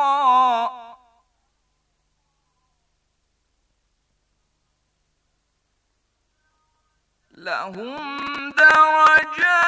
حقا لهم درجات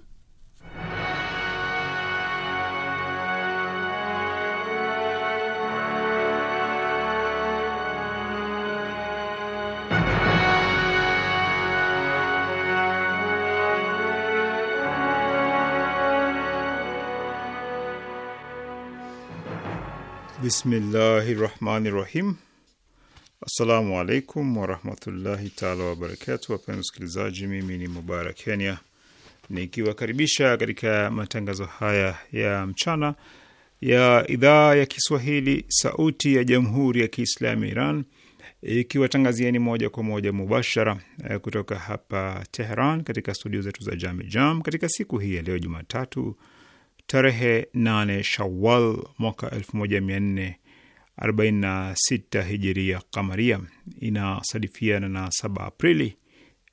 Bismillahi rahmani rahim. Assalamu alaikum warahmatullahi taala wabarakatu. Wapenzi wasikilizaji, mimi ni Mubarak Kenya nikiwakaribisha katika matangazo haya ya mchana ya idhaa ya Kiswahili sauti ya jamhuri ya Kiislamu Iran ikiwatangazieni moja kwa moja mubashara eh, kutoka hapa Teheran katika studio zetu za Jam Jam katika siku hii ya leo Jumatatu tarehe 8 Shawal mwaka 1446 hijiria kamaria, inasadifiana na 7 Aprili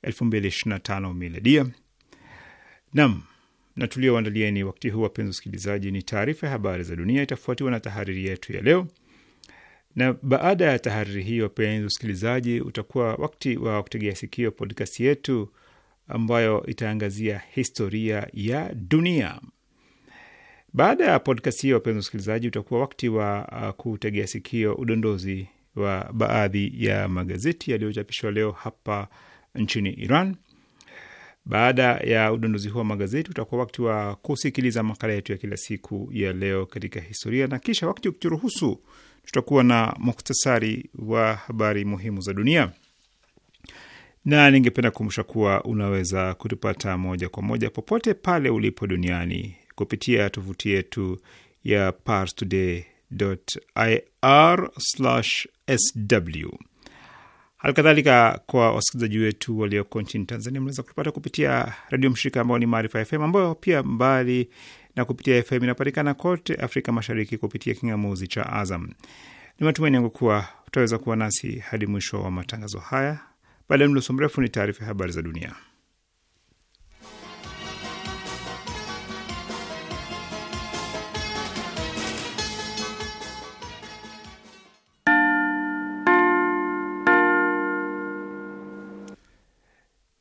2025 miladia. Nam na tulioandalieni wakati huu, wapenzi wasikilizaji, ni taarifa ya habari za dunia, itafuatiwa na tahariri yetu ya leo, na baada ya tahariri hiyo, wapenzi wasikilizaji, utakuwa wakati wa kutegea sikio podcast yetu ambayo itaangazia historia ya dunia. Baada ya podcast hiyo, wapenzi wasikilizaji, utakuwa wakati wa uh, kutegea sikio udondozi wa baadhi ya magazeti yaliyochapishwa leo hapa nchini Iran. Baada ya udondozi huo wa magazeti, utakuwa wakati wa kusikiliza makala yetu ya kila siku ya leo katika historia, na kisha wakati ukiruhusu, tutakuwa na muktasari wa habari muhimu za dunia na ningependa kukumbusha kuwa unaweza kutupata moja kwa moja popote pale ulipo duniani kupitia tovuti yetu ya parstoday.ir/sw. Hali kadhalika kwa wasikilizaji wetu walioko nchini Tanzania, mnaweza kutupata kupitia redio mshirika ambao ni Maarifa FM, ambayo pia mbali na kupitia FM inapatikana kote Afrika Mashariki kupitia kingamuzi cha Azam. Ni matumaini yangu kuwa utaweza kuwa nasi hadi mwisho wa matangazo haya. Baada ya mloso mrefu, ni taarifa ya habari za dunia.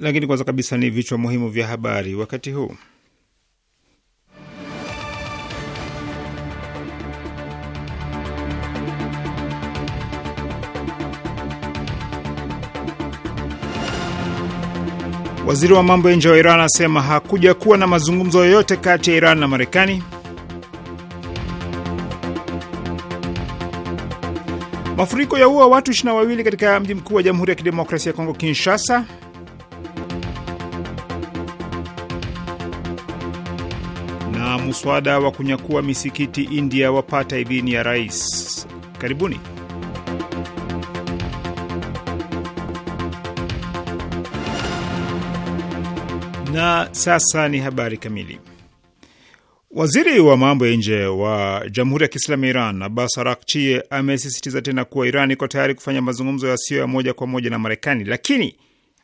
lakini kwanza kabisa ni vichwa muhimu vya habari wakati huu. Waziri wa mambo ya nje wa Iran anasema hakuja kuwa na mazungumzo yoyote kati ya Iran na Marekani. Mafuriko ya ua watu 2 wawili katika mji mkuu wa Jamhuri ya Kidemokrasia ya Kongo, Kinshasa. mswada wa kunyakua misikiti India wapata idhini ya rais. Karibuni. Na sasa ni habari kamili. Waziri wa mambo ya nje wa Jamhuri ya Kiislamu ya Iran Abbas Araghchi amesisitiza tena kuwa Iran iko tayari kufanya mazungumzo yasiyo ya moja kwa moja na Marekani, lakini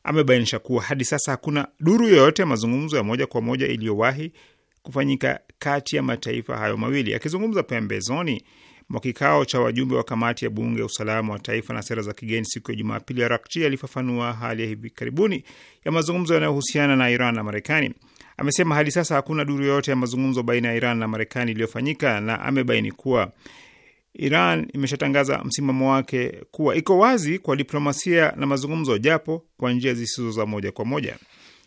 amebainisha kuwa hadi sasa hakuna duru yoyote ya mazungumzo ya moja kwa moja iliyowahi kufanyika kati ya mataifa hayo mawili. Akizungumza pembezoni mwa kikao cha wajumbe wa kamati ya bunge ya usalama wa taifa na sera za kigeni siku ya Jumapili, Arakchi alifafanua hali ya hivi karibuni ya mazungumzo yanayohusiana na Iran na Marekani. Amesema hadi sasa hakuna duru yoyote ya mazungumzo baina ya Iran na Marekani iliyofanyika, na amebaini kuwa Iran imeshatangaza msimamo wake kuwa iko wazi kwa diplomasia na mazungumzo, japo kwa njia zisizo za moja kwa moja.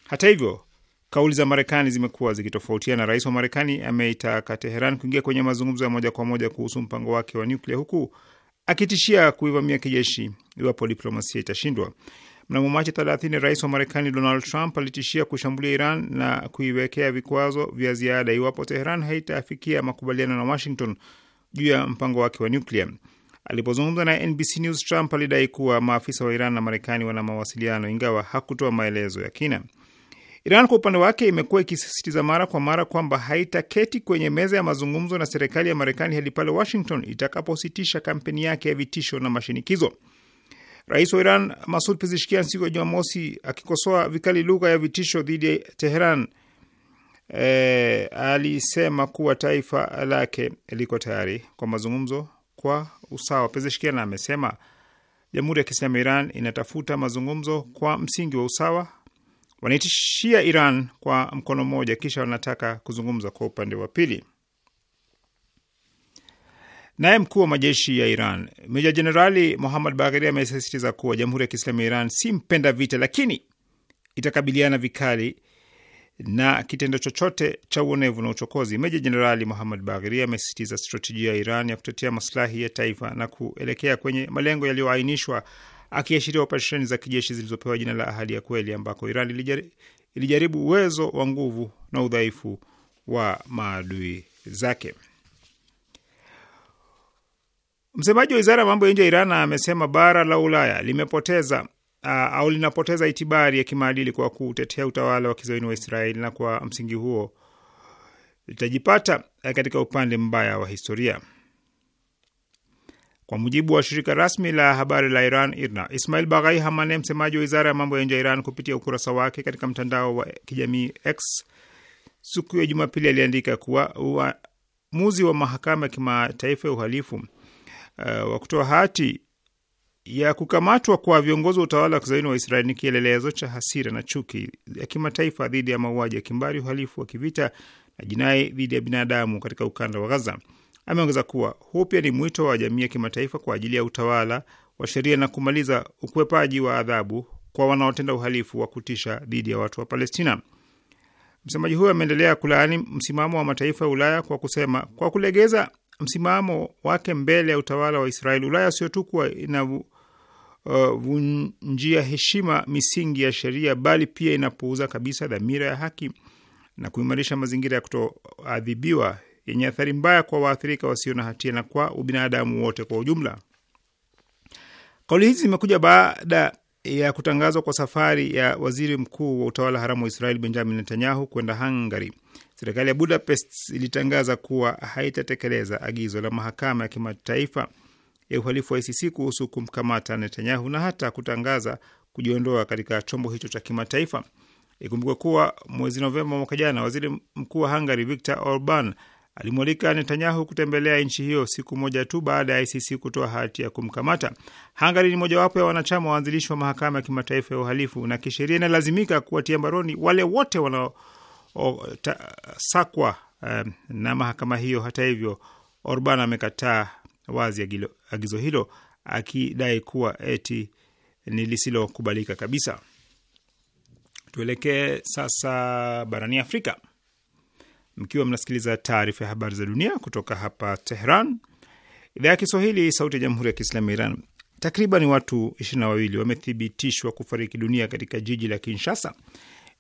Hata hivyo Kauli za Marekani zimekuwa zikitofautiana. Rais wa Marekani ameitaka Teheran kuingia kwenye mazungumzo ya moja kwa moja kuhusu mpango wake wa nyuklia, huku akitishia kuivamia kijeshi iwapo diplomasia itashindwa. Mnamo Machi 30 rais wa Marekani Donald Trump alitishia kushambulia Iran na kuiwekea vikwazo vya ziada iwapo Teheran haitafikia makubaliano na Washington juu ya mpango wake wa nyuklia. Alipozungumza na NBC News, Trump alidai kuwa maafisa wa Iran na Marekani wana mawasiliano, ingawa hakutoa maelezo ya kina. Iran kwa upande wake imekuwa ikisisitiza mara kwa mara kwamba haitaketi kwenye meza ya mazungumzo na serikali ya Marekani hadi pale Washington itakapositisha kampeni yake ya vitisho na mashinikizo. Rais wa Iran Masud Pezishkian siku ya Jumamosi akikosoa vikali lugha ya vitisho dhidi ya Teheran e, alisema kuwa taifa lake liko tayari kwa mazungumzo kwa usawa. Pezishkian amesema Jamhuri ya Kiislamu ya Iran inatafuta mazungumzo kwa msingi wa usawa wanaitishia Iran kwa mkono mmoja, kisha wanataka kuzungumza kwa upande wa pili. Naye mkuu wa majeshi ya Iran meja jenerali muhammad Bagheri amesisitiza kuwa jamhuri ya Kiislamu ya Iran si mpenda vita, lakini itakabiliana vikali na kitendo chochote cha uonevu na uchokozi. Meja Jenerali muhamad Bagheri amesisitiza stratejia ya Iran ya kutetea maslahi ya taifa na kuelekea kwenye malengo yaliyoainishwa akiashiria operesheni za kijeshi zilizopewa jina la Ahadi ya Kweli, ambako Iran ilijaribu uwezo wa nguvu na udhaifu wa maadui zake. Msemaji wa wizara ya mambo ya nje ya Iran amesema bara la Ulaya limepoteza uh, au linapoteza itibari ya kimaadili kwa kutetea utawala wa kizayuni wa Israeli na kwa msingi huo litajipata katika upande mbaya wa historia. Kwa mujibu wa shirika rasmi la habari la Iran, IRNA, Ismail Baghai Hamane, msemaji wa wizara ya mambo ya nje ya Iran, kupitia ukurasa wake katika mtandao wa kijamii X siku ya Jumapili aliandika kuwa uamuzi wa mahakama ya kimataifa ya uhalifu uh, wa kutoa hati ya kukamatwa kwa viongozi wa utawala wa kizaini wa Israeli ni kielelezo cha hasira na chuki ya kimataifa dhidi ya mauaji ya kimbari, uhalifu wa kivita na jinai dhidi ya binadamu katika ukanda wa Gaza. Ameongeza kuwa huu pia ni mwito wa jamii ya kimataifa kwa ajili ya utawala wa sheria na kumaliza ukwepaji wa adhabu kwa wanaotenda uhalifu wa kutisha dhidi ya watu wa Palestina. Msemaji huyo ameendelea kulaani msimamo wa mataifa ya Ulaya kwa kusema, kwa kulegeza msimamo wake mbele ya utawala wa Israeli, Ulaya sio tu kuwa inavunjia uh, heshima misingi ya sheria, bali pia inapuuza kabisa dhamira ya haki na kuimarisha mazingira ya kutoadhibiwa yenye athari mbaya kwa waathirika wasio na hatia na kwa ubinadamu wote kwa ujumla. Kauli hizi zimekuja baada ya kutangazwa kwa safari ya waziri mkuu wa utawala haramu wa Israel Benjamin Netanyahu kwenda Hungary. Serikali ya Budapest ilitangaza kuwa haitatekeleza agizo la mahakama ya kimataifa ya uhalifu wa ICC kuhusu kumkamata Netanyahu na hata kutangaza kujiondoa katika chombo hicho cha kimataifa. Ikumbukwe kuwa mwezi Novemba mwaka jana, waziri mkuu wa Hungary Viktor Orban alimwalika Netanyahu kutembelea nchi hiyo siku moja tu baada ya ICC kutoa hati ya kumkamata. Hungary ni mojawapo ya wanachama waanzilishi wa mahakama ya kimataifa ya uhalifu, na kisheria inalazimika kuwatia mbaroni wale wote wanaosakwa um, eh, na mahakama hiyo. Hata hivyo, Orban amekataa wazi agizo hilo akidai kuwa eti ni lisilokubalika kabisa. Tuelekee sasa barani Afrika mkiwa mnasikiliza taarifa ya habari za dunia kutoka hapa Tehran, idhaa ya Kiswahili, sauti ya jamhuri ya kiislamu ya Iran. Takriban watu ishirini na wawili wamethibitishwa kufariki dunia katika jiji la Kinshasa,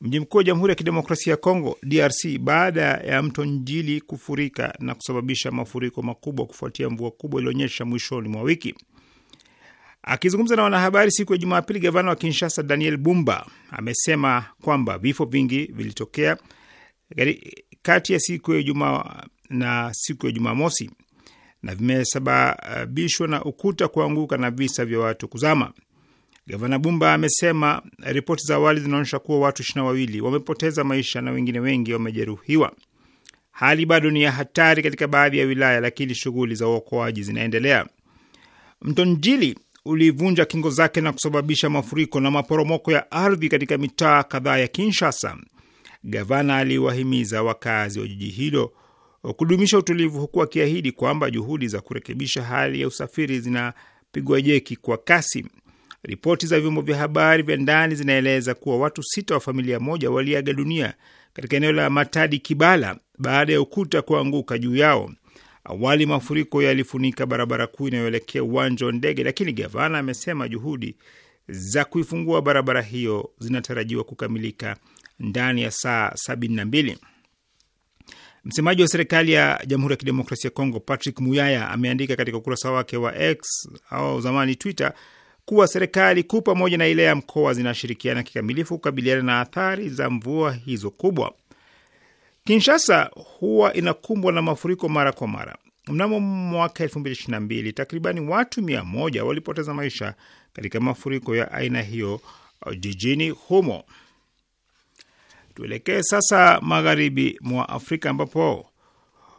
mji mkuu wa jamhuri ya kidemokrasia ya Kongo, DRC, baada ya mto Njili kufurika na kusababisha mafuriko makubwa kufuatia mvua kubwa ilionyesha mwishoni mwa wiki. Akizungumza na wanahabari siku ya Jumapili, gavana wa Kinshasa Daniel Bumba amesema kwamba vifo vingi vilitokea kati ya siku ya Ijumaa na siku ya Jumamosi na vimesababishwa na ukuta kuanguka na visa vya watu kuzama. Gavana Bumba amesema ripoti za awali zinaonyesha kuwa watu ishirini na wawili wamepoteza maisha na wengine wengi wamejeruhiwa. Hali bado ni ya hatari katika baadhi ya wilaya, lakini shughuli za uokoaji zinaendelea. Mto Njili ulivunja kingo zake na kusababisha mafuriko na maporomoko ya ardhi katika mitaa kadhaa ya Kinshasa. Gavana aliwahimiza wakazi wa jiji hilo kudumisha utulivu, huku akiahidi kwamba juhudi za kurekebisha hali ya usafiri zinapigwa jeki kwa kasi. Ripoti za vyombo vya habari vya ndani zinaeleza kuwa watu sita wa familia moja waliaga dunia katika eneo la Matadi Kibala baada ya ukuta kuanguka juu yao. Awali mafuriko yalifunika barabara kuu inayoelekea uwanja wa ndege, lakini gavana amesema juhudi za kuifungua barabara hiyo zinatarajiwa kukamilika ndani ya saa 72. Msemaji wa serikali ya Jamhuri ya Kidemokrasia ya Kongo Patrick Muyaya ameandika katika ukurasa wake wa X au zamani Twitter kuwa serikali kuu pamoja na ile ya mkoa zinashirikiana kikamilifu kukabiliana na athari za mvua hizo kubwa. Kinshasa huwa inakumbwa na mafuriko mara kwa mara. Mnamo mwaka 2022 takribani watu 1 walipoteza maisha katika mafuriko ya aina hiyo jijini humo. Tuelekee sasa magharibi mwa Afrika ambapo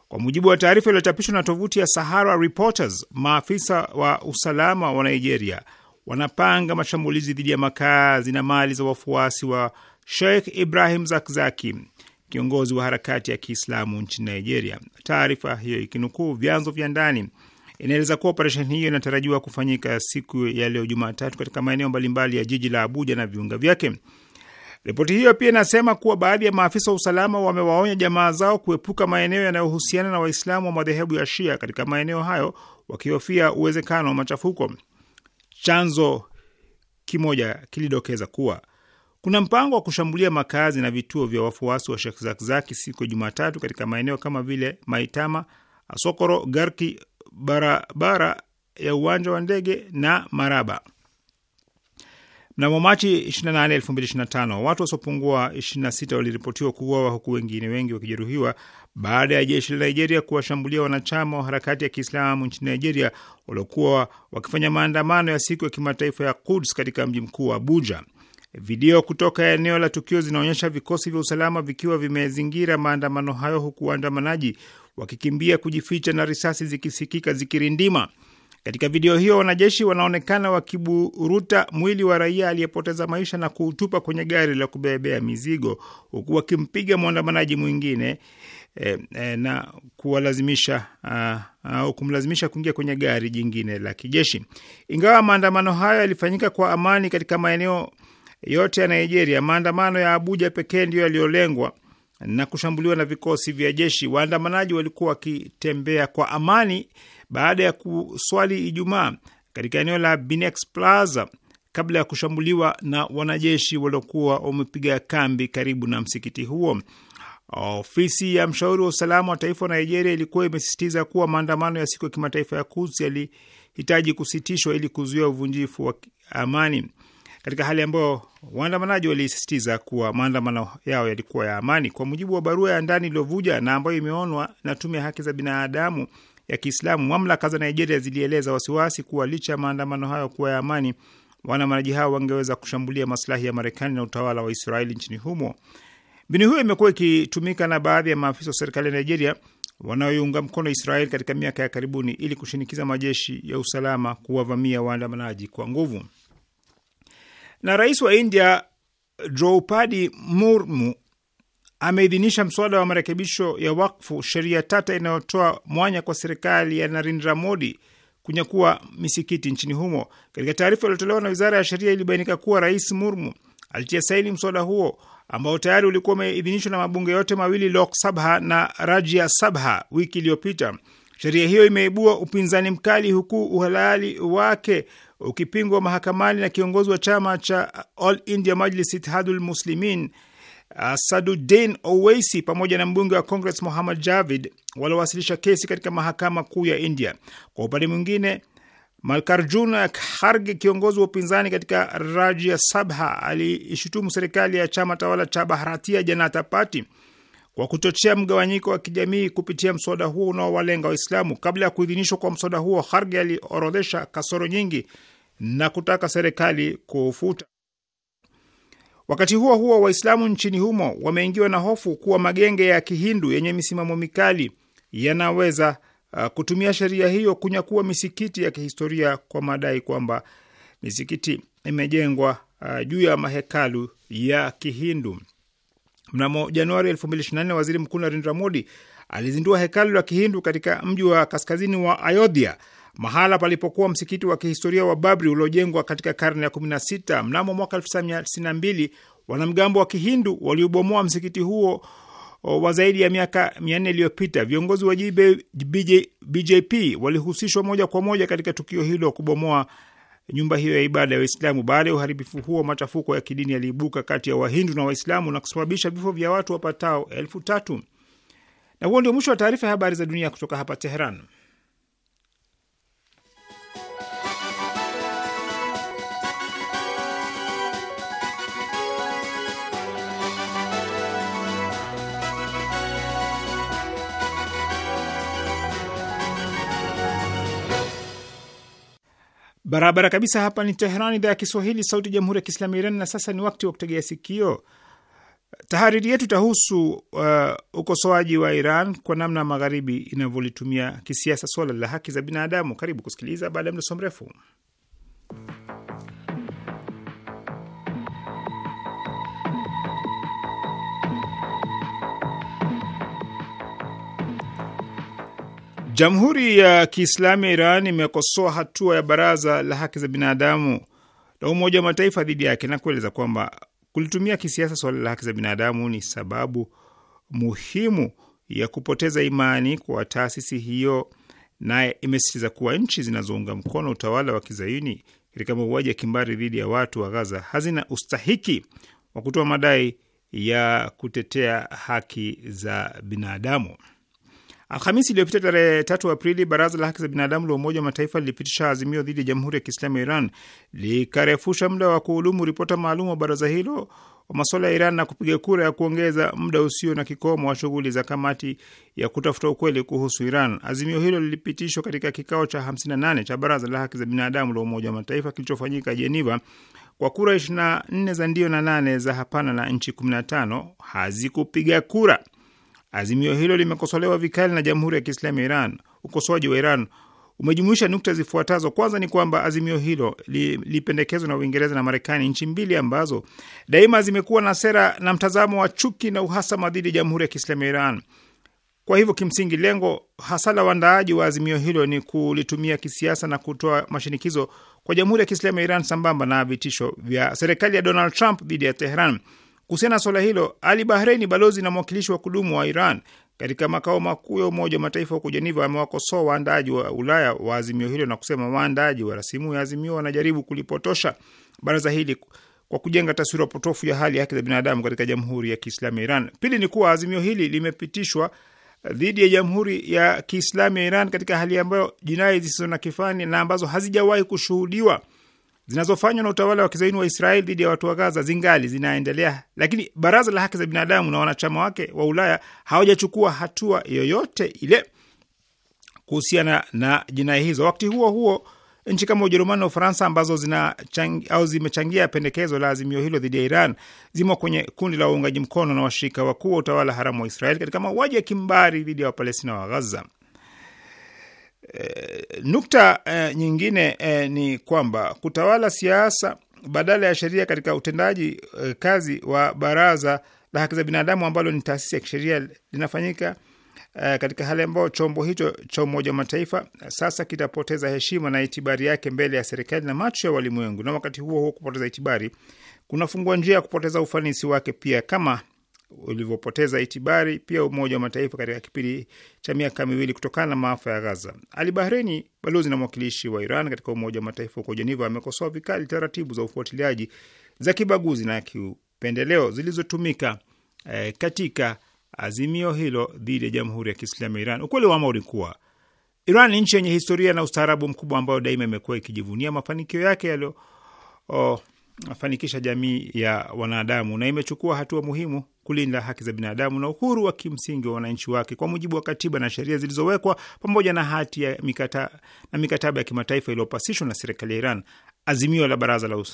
kwa mujibu wa taarifa iliyochapishwa na tovuti ya Sahara Reporters, maafisa wa usalama wa Nigeria wanapanga mashambulizi dhidi ya makazi na mali za wafuasi wa Sheikh Ibrahim Zakzaki, kiongozi wa harakati ya Kiislamu nchini Nigeria. Taarifa hiyo ikinukuu vyanzo vya ndani inaeleza kuwa operesheni hiyo inatarajiwa kufanyika siku ya leo Jumatatu katika maeneo mbalimbali ya jiji la Abuja na viunga vyake. Ripoti hiyo pia inasema kuwa baadhi ya maafisa wa usalama wamewaonya jamaa zao kuepuka maeneo yanayohusiana na Waislamu wa madhehebu ya Shia katika maeneo hayo, wakihofia uwezekano wa machafuko. Chanzo kimoja kilidokeza kuwa kuna mpango wa kushambulia makazi na vituo vya wafuasi wa Sheikh Zakzaki siku ya Jumatatu katika maeneo kama vile Maitama, Asokoro, Garki, barabara ya uwanja wa ndege na Maraba. Mnamo Machi 28, 2025 watu wasiopungua 26 waliripotiwa kuuawa huku wengine wengi wakijeruhiwa baada ya jeshi la Nigeria kuwashambulia wanachama wa harakati ya Kiislamu nchini Nigeria waliokuwa wakifanya maandamano ya siku ya kimataifa ya Quds katika mji mkuu wa Abuja. Video kutoka eneo la tukio zinaonyesha vikosi vya usalama vikiwa vimezingira maandamano hayo huku waandamanaji wakikimbia kujificha na risasi zikisikika zikirindima. Katika video hiyo, wanajeshi wanaonekana wakiburuta mwili wa raia aliyepoteza maisha na kuutupa kwenye gari la kubebea mizigo, huku wakimpiga mwandamanaji mwingine e, e, na kuwalazimisha ah, ah, au kumlazimisha kuingia kwenye gari jingine la kijeshi. Ingawa maandamano hayo yalifanyika kwa amani katika maeneo yote ya Nigeria, maandamano ya Abuja pekee ndiyo yaliyolengwa na kushambuliwa na vikosi vya jeshi. Waandamanaji walikuwa wakitembea kwa amani baada ya kuswali Ijumaa katika eneo la Binex Plaza kabla ya kushambuliwa na wanajeshi waliokuwa wamepiga kambi karibu na msikiti huo. Ofisi ya mshauri wa usalama wa taifa wa Nigeria ilikuwa imesisitiza kuwa maandamano ya siku ya kimataifa ya Quds yalihitaji kusitishwa ili kuzuia uvunjifu wa amani, katika hali ambayo waandamanaji walisisitiza kuwa maandamano yao yalikuwa ya amani. Kwa mujibu wa barua ya ndani iliyovuja na ambayo imeonwa na tume ya haki za binadamu ya Kiislamu, mamlaka za Nigeria zilieleza wasiwasi kuwa licha ya maandamano hayo kuwa ya amani, waandamanaji hao wangeweza kushambulia maslahi ya Marekani na utawala wa Israeli nchini humo. Mbinu hiyo imekuwa ikitumika na baadhi ya maafisa wa serikali ya Nigeria wanaoiunga mkono Israeli katika miaka ya karibuni ili kushinikiza majeshi ya usalama kuwavamia waandamanaji kwa nguvu. Na rais wa India Draupadi Murmu ameidhinisha mswada wa marekebisho ya wakfu, sheria tata inayotoa mwanya kwa serikali ya Narendra Modi kunyakua misikiti nchini humo. Katika taarifa iliyotolewa na wizara ya sheria, ilibainika kuwa Rais Murmu alitia saini mswada huo ambao tayari ulikuwa umeidhinishwa na mabunge yote mawili, Lok Sabha na Rajya Sabha, wiki iliyopita. Sheria hiyo imeibua upinzani mkali, huku uhalali wake ukipingwa mahakamani na kiongozi wa chama cha All India Majlis Ittihadul Muslimin Uh, Sadudin Owaisi pamoja na mbunge wa Congress Mohammad Javid waliowasilisha kesi katika mahakama kuu ya India. Kwa upande mwingine, Malkarjun Kharge, kiongozi wa upinzani katika Rajya Sabha, aliishutumu serikali ya chama tawala cha Bharatiya Janata Party kwa kuchochea mgawanyiko wa kijamii kupitia mswada huo unaowalenga Waislamu. Kabla ya kuidhinishwa kwa mswada huo, Kharge aliorodhesha kasoro nyingi na kutaka serikali kuufuta. Wakati huo huo, Waislamu nchini humo wameingiwa na hofu kuwa magenge ya Kihindu yenye misimamo mikali yanaweza uh, kutumia sheria hiyo kunyakua misikiti ya kihistoria kwa madai kwamba misikiti imejengwa uh, juu ya mahekalu ya Kihindu. Mnamo Januari 2024 waziri mkuu Narendra Modi alizindua hekalu la Kihindu katika mji wa kaskazini wa Ayodhya mahala palipokuwa msikiti wa kihistoria wa Babri uliojengwa katika karne ya 16. Mnamo mwaka 1992 wanamgambo wa Kihindu waliobomoa msikiti huo wa zaidi ya miaka 400 iliyopita. Viongozi wa BJP walihusishwa moja kwa moja katika tukio hilo kubomoa nyumba hiyo ya ibada ya Waislamu. Baada ya uharibifu huo, machafuko ya kidini yaliibuka kati ya Wahindu na Waislamu na kusababisha vifo vya watu wapatao elfu tatu. Na huo ndio mwisho wa taarifa ya habari za dunia kutoka hapa Teheran. barabara kabisa. Hapa ni Teheran, idhaa ya Kiswahili, sauti ya jamhuri ya kiislamu ya Iran. Na sasa ni wakati wa kutegea sikio. Tahariri yetu itahusu uh, ukosoaji wa Iran kwa namna magharibi inavyolitumia kisiasa swala la haki za binadamu. Karibu kusikiliza baada ya mdoso mrefu. Jamhuri ya Kiislamu ya Iran imekosoa hatua ya Baraza la Haki za Binadamu la Umoja wa Mataifa dhidi yake na kueleza kwamba kulitumia kisiasa suala la haki za binadamu ni sababu muhimu ya kupoteza imani kwa taasisi hiyo, naye imesisitiza kuwa nchi zinazounga mkono utawala wa kizayuni katika mauaji ya kimbari dhidi ya watu wa Gaza hazina ustahiki wa kutoa madai ya kutetea haki za binadamu. Alhamisi iliyopita tarehe 3 Aprili, baraza la haki za binadamu la Umoja wa Mataifa lilipitisha azimio dhidi ya Jamhuri ya Kiislamu ya Iran likarefusha muda wa kuhudumu ripota maalum wa baraza hilo wa masuala ya Iran na kupiga kura ya kuongeza muda usio na kikomo wa shughuli za kamati ya kutafuta ukweli kuhusu Iran. Azimio hilo lilipitishwa katika kikao cha 58 cha baraza la haki za binadamu la Umoja wa Mataifa kilichofanyika Jeniva kwa kura 24 za ndio na 8 za hapana, na nchi 15 hazikupiga kura. Azimio hilo limekosolewa vikali na Jamhuri ya Kiislamu ya Iran. Ukosoaji wa Iran umejumuisha nukta zifuatazo. Kwanza ni kwamba azimio hilo lilipendekezwa na Uingereza na Marekani, nchi mbili ambazo daima zimekuwa na sera na mtazamo wa chuki na uhasama dhidi ya Jamhuri ya Kiislamu ya Iran. Kwa hivyo kimsingi, lengo hasa la waandaaji wa azimio hilo ni kulitumia kisiasa na kutoa mashinikizo kwa Jamhuri ya Kiislamu ya Iran sambamba na vitisho vya serikali ya Donald Trump dhidi ya Tehran. Kuhusiana na suala hilo, Ali Bahreini, balozi na mwakilishi wa kudumu wa Iran katika makao makuu ya Umoja wa Mataifa huko Jeneva, amewakosoa waandaaji wa Ulaya wa azimio hilo na kusema waandaaji wa rasimu ya azimio wanajaribu kulipotosha baraza hili kwa kujenga taswira potofu ya hali ya haki za binadamu katika Jamhuri ya Kiislamu ya Iran. Pili ni kuwa azimio hili limepitishwa dhidi ya Jamhuri ya Kiislamu ya Iran katika hali ambayo jinai zisizo na kifani na ambazo hazijawahi kushuhudiwa zinazofanywa na utawala wa kizaini wa Israeli dhidi ya watu wa Gaza zingali zinaendelea, lakini Baraza la Haki za Binadamu na wanachama wake wa Ulaya hawajachukua hatua yoyote ile kuhusiana na jinai hizo. Wakati huo huo, nchi kama Ujerumani na Ufaransa ambazo zina changi, au zimechangia pendekezo la azimio hilo dhidi ya Iran zimo kwenye kundi la waungaji mkono na washirika wakuu wa utawala haramu wa Israeli katika mauaji ya kimbari dhidi ya Wapalestina wa Gaza. E, nukta e, nyingine e, ni kwamba kutawala siasa badala ya sheria katika utendaji e, kazi wa Baraza la Haki za Binadamu ambalo ni taasisi ya kisheria linafanyika e, katika hali ambayo chombo hicho cha Umoja wa Mataifa sasa kitapoteza heshima na itibari yake mbele ya serikali na macho ya walimwengu, na wakati huo huo kupoteza itibari kunafungua njia ya kupoteza ufanisi wake pia kama ulivyopoteza itibari pia Umoja wa Mataifa katika kipindi cha miaka miwili kutokana na maafa ya Gaza. Ali Bahreini, balozi na mwakilishi wa Iran katika Umoja wa Mataifa huko Jeneva, amekosoa vikali taratibu za ufuatiliaji za kibaguzi na kiupendeleo zilizotumika eh, katika azimio hilo dhidi ya Jamhuri ya Kiislamu ya Iran. Ukweli wa mambo ni kuwa Iran ni nchi yenye historia na ustaarabu mkubwa ambayo daima imekuwa ikijivunia mafanikio yake yaliyo oh, kufanikisha jamii ya wanadamu na imechukua hatua muhimu kulinda haki za binadamu na uhuru wa kimsingi wa wananchi wake kwa mujibu wa katiba na sheria zilizowekwa pamoja na hati ya mikata, na mikataba ya kimataifa iliyopasishwa na serikali ya Iran. Azimio la Baraza la uh,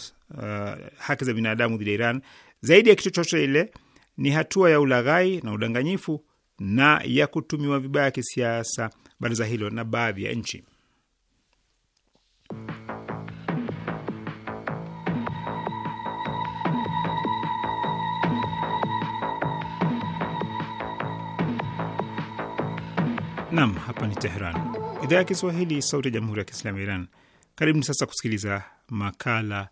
haki za binadamu dhidi ya Iran zaidi ya kitu chochote ile ni hatua ya ulaghai na udanganyifu na ya kutumiwa vibaya kisiasa baraza hilo na baadhi ya nchi. Nam, hapa ni Teheran, idhaa ya Kiswahili, sauti ya jamhuri ya kiislamu ya Iran. Karibuni sasa kusikiliza makala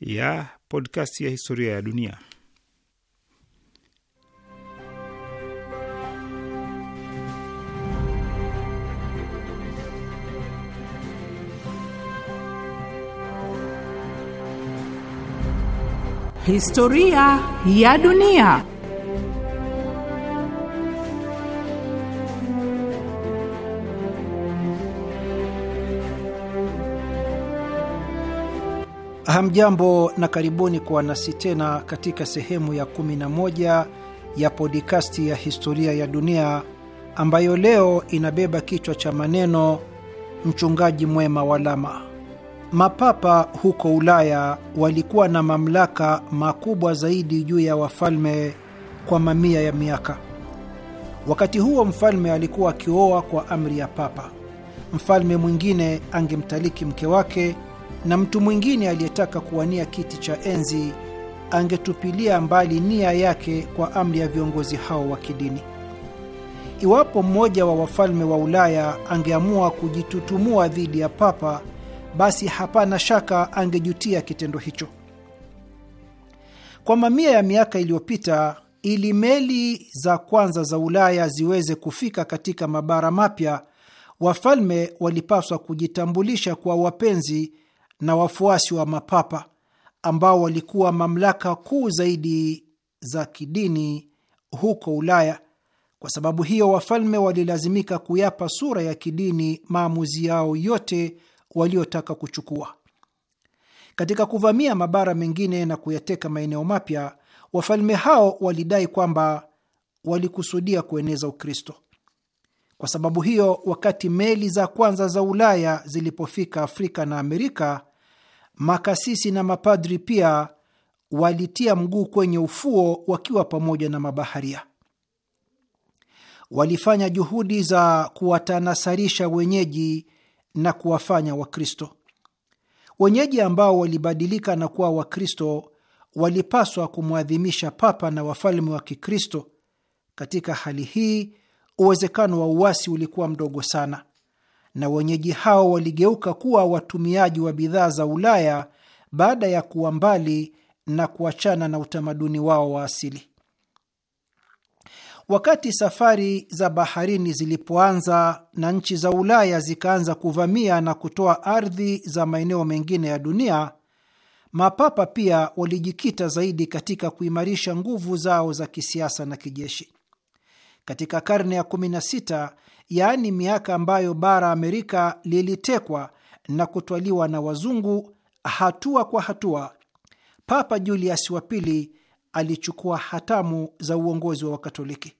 ya podcast ya historia ya dunia. Historia ya dunia. Hamjambo na karibuni kwa nasi tena katika sehemu ya 11 ya podikasti ya historia ya dunia ambayo leo inabeba kichwa cha maneno mchungaji mwema wa lama. Mapapa huko Ulaya walikuwa na mamlaka makubwa zaidi juu ya wafalme kwa mamia ya miaka. Wakati huo mfalme alikuwa akioa kwa amri ya papa. Mfalme mwingine angemtaliki mke wake na mtu mwingine aliyetaka kuwania kiti cha enzi angetupilia mbali nia yake kwa amri ya viongozi hao wa kidini. Iwapo mmoja wa wafalme wa Ulaya angeamua kujitutumua dhidi ya papa, basi hapana shaka angejutia kitendo hicho. Kwa mamia ya miaka iliyopita, ili meli za kwanza za Ulaya ziweze kufika katika mabara mapya, wafalme walipaswa kujitambulisha kwa wapenzi na wafuasi wa mapapa ambao walikuwa mamlaka kuu zaidi za kidini huko Ulaya. Kwa sababu hiyo, wafalme walilazimika kuyapa sura ya kidini maamuzi yao yote waliotaka kuchukua. Katika kuvamia mabara mengine na kuyateka maeneo mapya, wafalme hao walidai kwamba walikusudia kueneza Ukristo. Kwa sababu hiyo, wakati meli za kwanza za Ulaya zilipofika Afrika na Amerika, Makasisi na mapadri pia walitia mguu kwenye ufuo wakiwa pamoja na mabaharia. Walifanya juhudi za kuwatanasarisha wenyeji na kuwafanya Wakristo. Wenyeji ambao walibadilika na kuwa Wakristo walipaswa kumwadhimisha papa na wafalme wa Kikristo. Katika hali hii, uwezekano wa uasi ulikuwa mdogo sana na wenyeji hao waligeuka kuwa watumiaji wa bidhaa za Ulaya baada ya kuwa mbali na kuachana na utamaduni wao wa asili. Wakati safari za baharini zilipoanza na nchi za Ulaya zikaanza kuvamia na kutoa ardhi za maeneo mengine ya dunia, mapapa pia walijikita zaidi katika kuimarisha nguvu zao za kisiasa na kijeshi. Katika karne ya 16 yaani miaka ambayo bara Amerika lilitekwa na kutwaliwa na wazungu hatua kwa hatua, Papa Julius wa pili alichukua hatamu za uongozi wa Wakatoliki.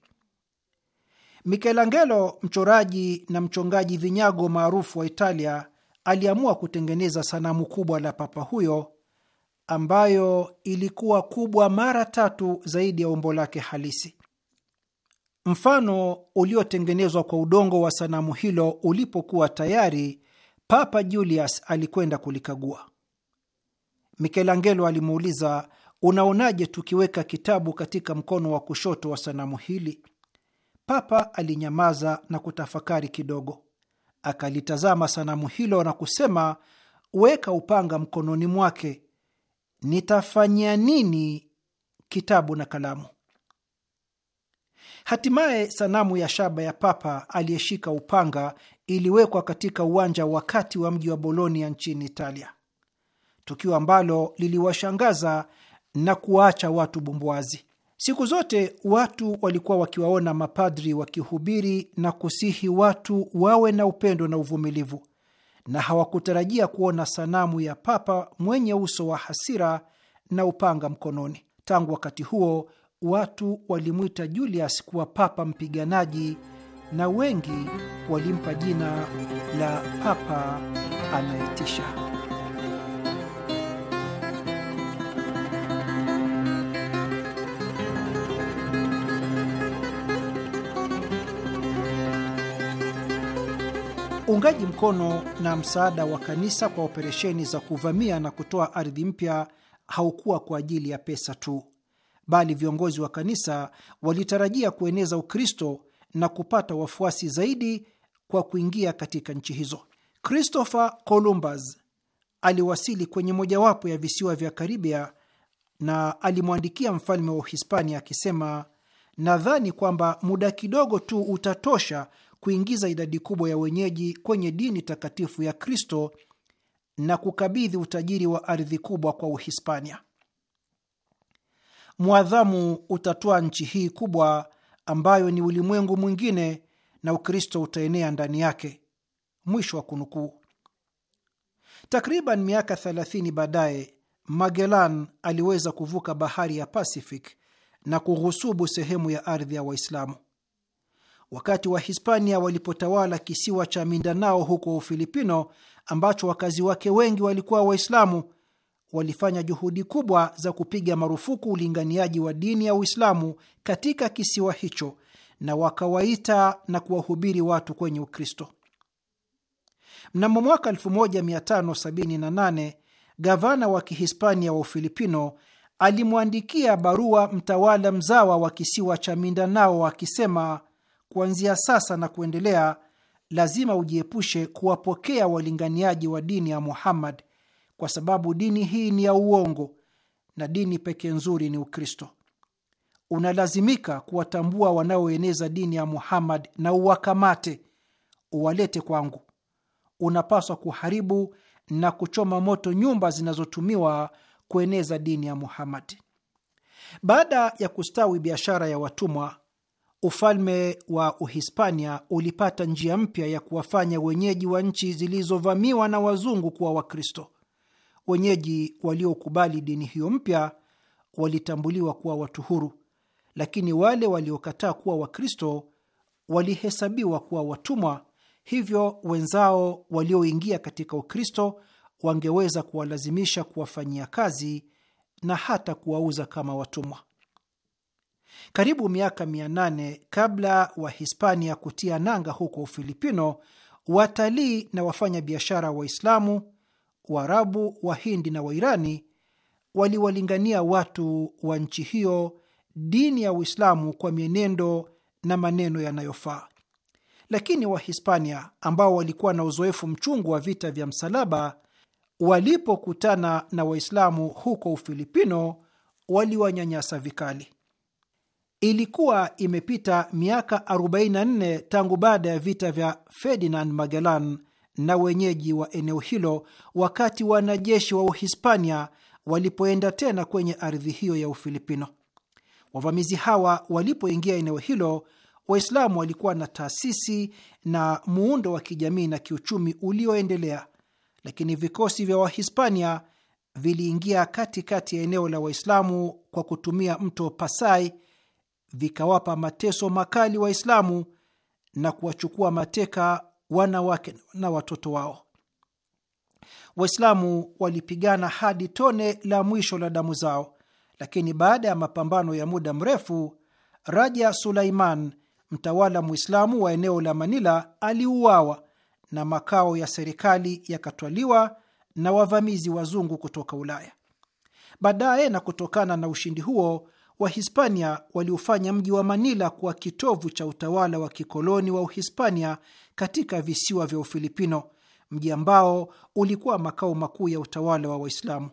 Michelangelo, mchoraji na mchongaji vinyago maarufu wa Italia, aliamua kutengeneza sanamu kubwa la papa huyo ambayo ilikuwa kubwa mara tatu zaidi ya umbo lake halisi. Mfano uliotengenezwa kwa udongo wa sanamu hilo ulipokuwa tayari, Papa Julius alikwenda kulikagua. Mikelangelo alimuuliza, unaonaje tukiweka kitabu katika mkono wa kushoto wa sanamu hili? Papa alinyamaza na kutafakari kidogo, akalitazama sanamu hilo na kusema, weka upanga mkononi mwake. Nitafanyia nini kitabu na kalamu? Hatimaye sanamu ya shaba ya papa aliyeshika upanga iliwekwa katika uwanja wa kati wa mji wa Bolonia nchini Italia, tukio ambalo liliwashangaza na kuwaacha watu bumbwazi. Siku zote watu walikuwa wakiwaona mapadri wakihubiri na kusihi watu wawe na upendo na uvumilivu, na hawakutarajia kuona sanamu ya papa mwenye uso wa hasira na upanga mkononi. Tangu wakati huo watu walimwita Julius kuwa papa mpiganaji na wengi walimpa jina la papa anaitisha. Uungaji mkono na msaada wa kanisa kwa operesheni za kuvamia na kutoa ardhi mpya haukuwa kwa ajili ya pesa tu, bali viongozi wa kanisa walitarajia kueneza Ukristo na kupata wafuasi zaidi kwa kuingia katika nchi hizo. Christopher Columbus aliwasili kwenye mojawapo ya visiwa vya Karibia na alimwandikia mfalme wa Uhispania akisema, nadhani kwamba muda kidogo tu utatosha kuingiza idadi kubwa ya wenyeji kwenye dini takatifu ya Kristo na kukabidhi utajiri wa ardhi kubwa kwa Uhispania mwadhamu utatoa nchi hii kubwa ambayo ni ulimwengu mwingine na Ukristo utaenea ndani yake. Mwisho wa kunukuu. Takriban miaka 30 baadaye Magellan aliweza kuvuka bahari ya Pacific na kughusubu sehemu ya ardhi ya Waislamu. Wakati wa Hispania walipotawala kisiwa cha Mindanao huko Ufilipino, ambacho wakazi wake wengi walikuwa Waislamu, walifanya juhudi kubwa za kupiga marufuku ulinganiaji wa dini ya Uislamu katika kisiwa hicho na wakawaita na kuwahubiri watu kwenye Ukristo. Mnamo mwaka 1578 gavana wa Kihispania wa Ufilipino alimwandikia barua mtawala mzawa wa kisiwa cha Mindanao akisema, kuanzia sasa na kuendelea, lazima ujiepushe kuwapokea walinganiaji wa dini ya Muhammad kwa sababu dini hii ni ya uongo na dini pekee nzuri ni Ukristo. Unalazimika kuwatambua wanaoeneza dini ya Muhammad na uwakamate, uwalete kwangu. Unapaswa kuharibu na kuchoma moto nyumba zinazotumiwa kueneza dini ya Muhammad. Baada ya kustawi biashara ya watumwa, ufalme wa Uhispania ulipata njia mpya ya kuwafanya wenyeji wa nchi zilizovamiwa na wazungu kuwa Wakristo wenyeji waliokubali dini hiyo mpya walitambuliwa kuwa watu huru, lakini wale waliokataa kuwa Wakristo walihesabiwa kuwa watumwa. Hivyo wenzao walioingia katika Ukristo wangeweza kuwalazimisha kuwafanyia kazi na hata kuwauza kama watumwa. Karibu miaka mia nane kabla Wahispania kutia nanga huko Ufilipino, watalii na wafanya biashara Waislamu Waarabu, Wahindi na Wairani waliwalingania watu wa nchi hiyo dini ya Uislamu kwa mienendo na maneno yanayofaa. Lakini Wahispania ambao walikuwa na uzoefu mchungu wa vita vya msalaba, walipokutana na Waislamu huko Ufilipino, waliwanyanyasa vikali. Ilikuwa imepita miaka 44 tangu baada ya vita vya Ferdinand Magellan na wenyeji wa eneo hilo wakati wanajeshi wa Uhispania walipoenda tena kwenye ardhi hiyo ya Ufilipino. Wavamizi hawa walipoingia eneo hilo, Waislamu walikuwa na taasisi na muundo wa kijamii na kiuchumi ulioendelea, lakini vikosi vya Wahispania viliingia katikati ya eneo la Waislamu kwa kutumia mto Pasai, vikawapa mateso makali Waislamu na kuwachukua mateka wanawake na watoto wao. Waislamu walipigana hadi tone la mwisho la damu zao, lakini baada ya mapambano ya muda mrefu, Raja Sulaiman, mtawala Mwislamu wa eneo la Manila, aliuawa na makao ya serikali yakatwaliwa na wavamizi wazungu kutoka Ulaya. Baadaye, na kutokana na ushindi huo, Wahispania waliufanya mji wa Manila kuwa kitovu cha utawala wa kikoloni wa Uhispania katika visiwa vya Ufilipino, mji ambao ulikuwa makao makuu ya utawala wa Waislamu.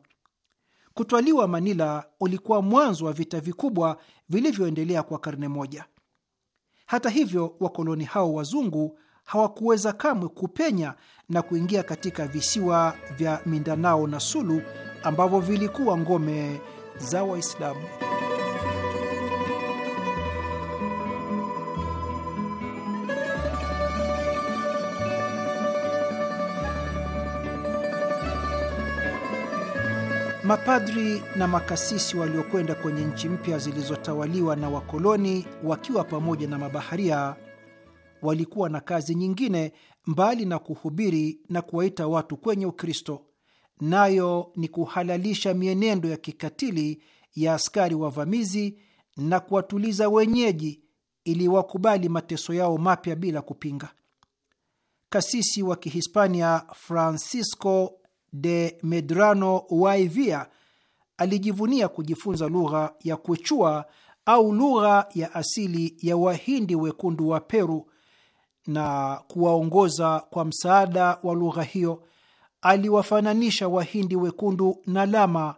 Kutwaliwa Manila ulikuwa mwanzo wa vita vikubwa vilivyoendelea kwa karne moja. Hata hivyo, wakoloni hao wazungu hawakuweza kamwe kupenya na kuingia katika visiwa vya Mindanao na Sulu ambavyo vilikuwa ngome za Waislamu. Mapadri na makasisi waliokwenda kwenye nchi mpya zilizotawaliwa na wakoloni wakiwa pamoja na mabaharia walikuwa na kazi nyingine mbali na kuhubiri na kuwaita watu kwenye Ukristo, nayo ni kuhalalisha mienendo ya kikatili ya askari wavamizi na kuwatuliza wenyeji ili wakubali mateso yao mapya bila kupinga. Kasisi wa Kihispania Francisco de Medrano Waivia alijivunia kujifunza lugha ya Kuchua au lugha ya asili ya Wahindi wekundu wa Peru na kuwaongoza kwa msaada wa lugha hiyo. Aliwafananisha Wahindi wekundu na lama,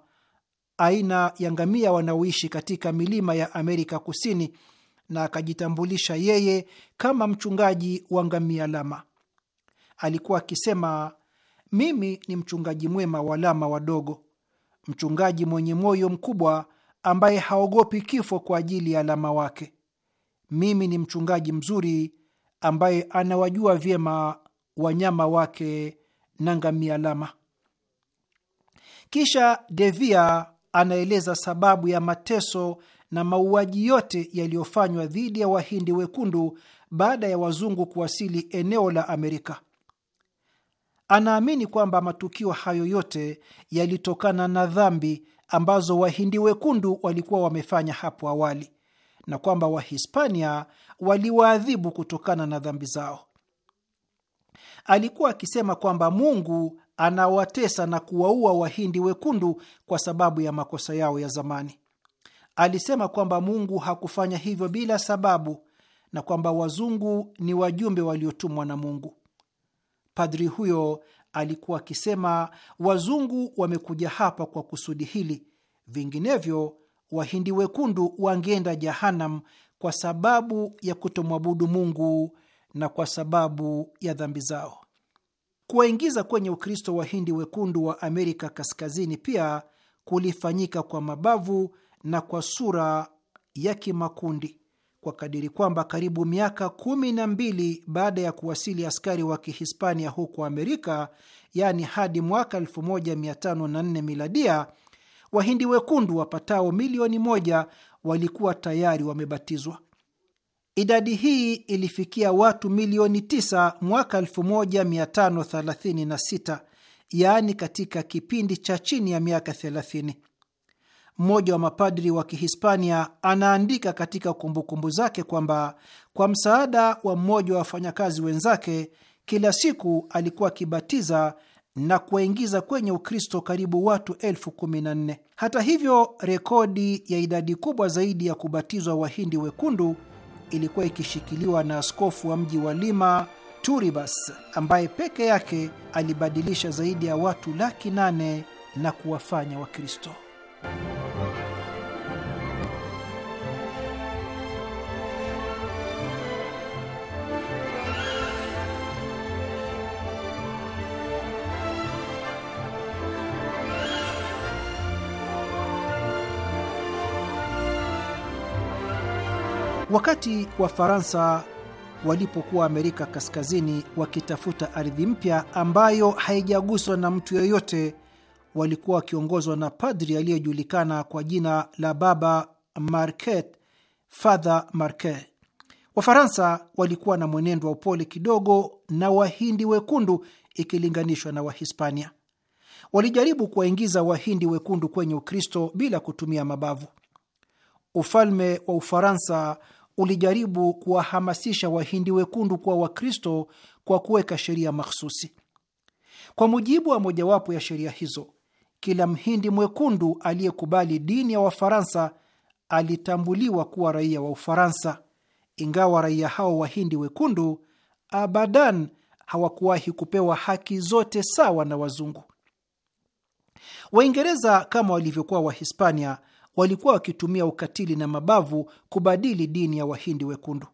aina ya ngamia wanaoishi katika milima ya Amerika Kusini, na akajitambulisha yeye kama mchungaji wa ngamia lama. Alikuwa akisema mimi ni mchungaji mwema wa lama wadogo, mchungaji mwenye moyo mkubwa ambaye haogopi kifo kwa ajili ya alama wake. Mimi ni mchungaji mzuri ambaye anawajua vyema wanyama wake na ngamia lama. Kisha Devia anaeleza sababu ya mateso na mauaji yote yaliyofanywa dhidi ya Wahindi wekundu baada ya wazungu kuwasili eneo la Amerika. Anaamini kwamba matukio hayo yote yalitokana na dhambi ambazo Wahindi wekundu walikuwa wamefanya hapo awali na kwamba Wahispania waliwaadhibu kutokana na dhambi zao. Alikuwa akisema kwamba Mungu anawatesa na kuwaua Wahindi wekundu kwa sababu ya makosa yao ya zamani. Alisema kwamba Mungu hakufanya hivyo bila sababu na kwamba wazungu ni wajumbe waliotumwa na Mungu. Padri huyo alikuwa akisema, wazungu wamekuja hapa kwa kusudi hili, vinginevyo wahindi wekundu wangeenda Jahanam kwa sababu ya kutomwabudu Mungu na kwa sababu ya dhambi zao. Kuwaingiza kwenye Ukristo wahindi wekundu wa Amerika Kaskazini pia kulifanyika kwa mabavu na kwa sura ya kimakundi kwa kadiri kwamba karibu miaka kumi na mbili baada ya kuwasili askari wa Kihispania huko Amerika, yaani hadi mwaka 1504 miladia, Wahindi wekundu wapatao milioni moja walikuwa tayari wamebatizwa. Idadi hii ilifikia watu milioni 9 mwaka 1536, yaani katika kipindi cha chini ya miaka 30 mmoja wa mapadri wa Kihispania anaandika katika kumbukumbu kumbu zake kwamba kwa msaada wa mmoja wa wafanyakazi wenzake, kila siku alikuwa akibatiza na kuwaingiza kwenye Ukristo karibu watu elfu kumi na nne. Hata hivyo, rekodi ya idadi kubwa zaidi ya kubatizwa Wahindi wekundu ilikuwa ikishikiliwa na askofu wa mji wa Lima Turibas, ambaye peke yake alibadilisha zaidi ya watu laki nane na kuwafanya Wakristo. Wakati Wafaransa walipokuwa Amerika Kaskazini wakitafuta ardhi mpya ambayo haijaguswa na mtu yoyote, walikuwa wakiongozwa na padri aliyejulikana kwa jina la Baba Marquet, Father Marquet. Wafaransa walikuwa na mwenendo wa upole kidogo na Wahindi wekundu ikilinganishwa na Wahispania. Walijaribu kuwaingiza Wahindi wekundu kwenye Ukristo bila kutumia mabavu. Ufalme wa Ufaransa ulijaribu kuwahamasisha Wahindi wekundu kuwa Wakristo kwa kuweka sheria mahsusi. Kwa mujibu wa mojawapo ya sheria hizo, kila Mhindi mwekundu aliyekubali dini ya Wafaransa alitambuliwa kuwa raia wa Ufaransa, ingawa raia hao Wahindi wekundu abadan hawakuwahi kupewa haki zote sawa na wazungu. Waingereza kama walivyokuwa Wahispania walikuwa wakitumia ukatili na mabavu kubadili dini ya Wahindi wekundu.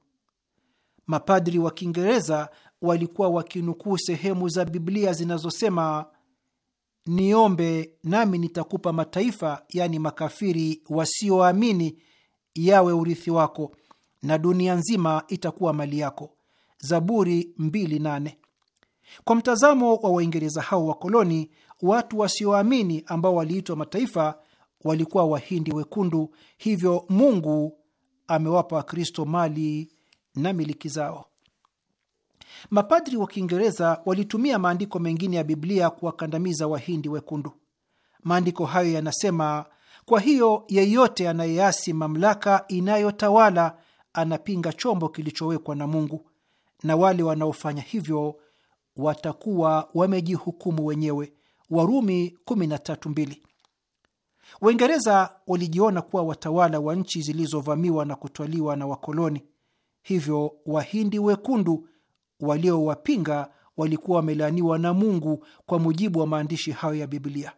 Mapadri wa Kiingereza walikuwa wakinukuu sehemu za Biblia zinazosema, niombe nami nitakupa mataifa, yaani makafiri wasioamini, yawe urithi wako na dunia nzima itakuwa mali yako. Zaburi mbili nane. Kwa mtazamo wa Waingereza hao wakoloni, watu wasioamini ambao waliitwa mataifa walikuwa Wahindi wekundu, hivyo Mungu amewapa Wakristo mali na miliki zao. Mapadri wa Kiingereza walitumia maandiko mengine ya Biblia kuwakandamiza Wahindi wekundu. Maandiko hayo yanasema, kwa hiyo yeyote anayeasi mamlaka inayotawala anapinga chombo kilichowekwa na Mungu, na wale wanaofanya hivyo watakuwa wamejihukumu wenyewe. Warumi 13:2. Waingereza walijiona kuwa watawala wa nchi zilizovamiwa na kutwaliwa na wakoloni, hivyo Wahindi wekundu waliowapinga walikuwa wamelaaniwa na Mungu kwa mujibu wa maandishi hayo ya Biblia.